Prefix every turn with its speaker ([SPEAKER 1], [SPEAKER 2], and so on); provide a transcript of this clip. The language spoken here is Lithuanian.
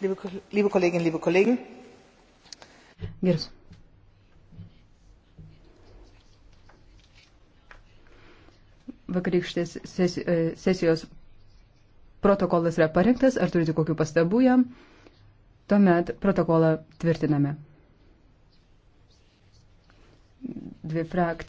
[SPEAKER 1] liebe, liebe Kolleginnen, liebe Kollegen.
[SPEAKER 2] Geras.
[SPEAKER 3] Vakarykštės e, sesijos protokolas yra parengtas, ar turite kokių pastabų jam, tuomet protokolą tvirtiname.
[SPEAKER 4] Dvi frakcijos.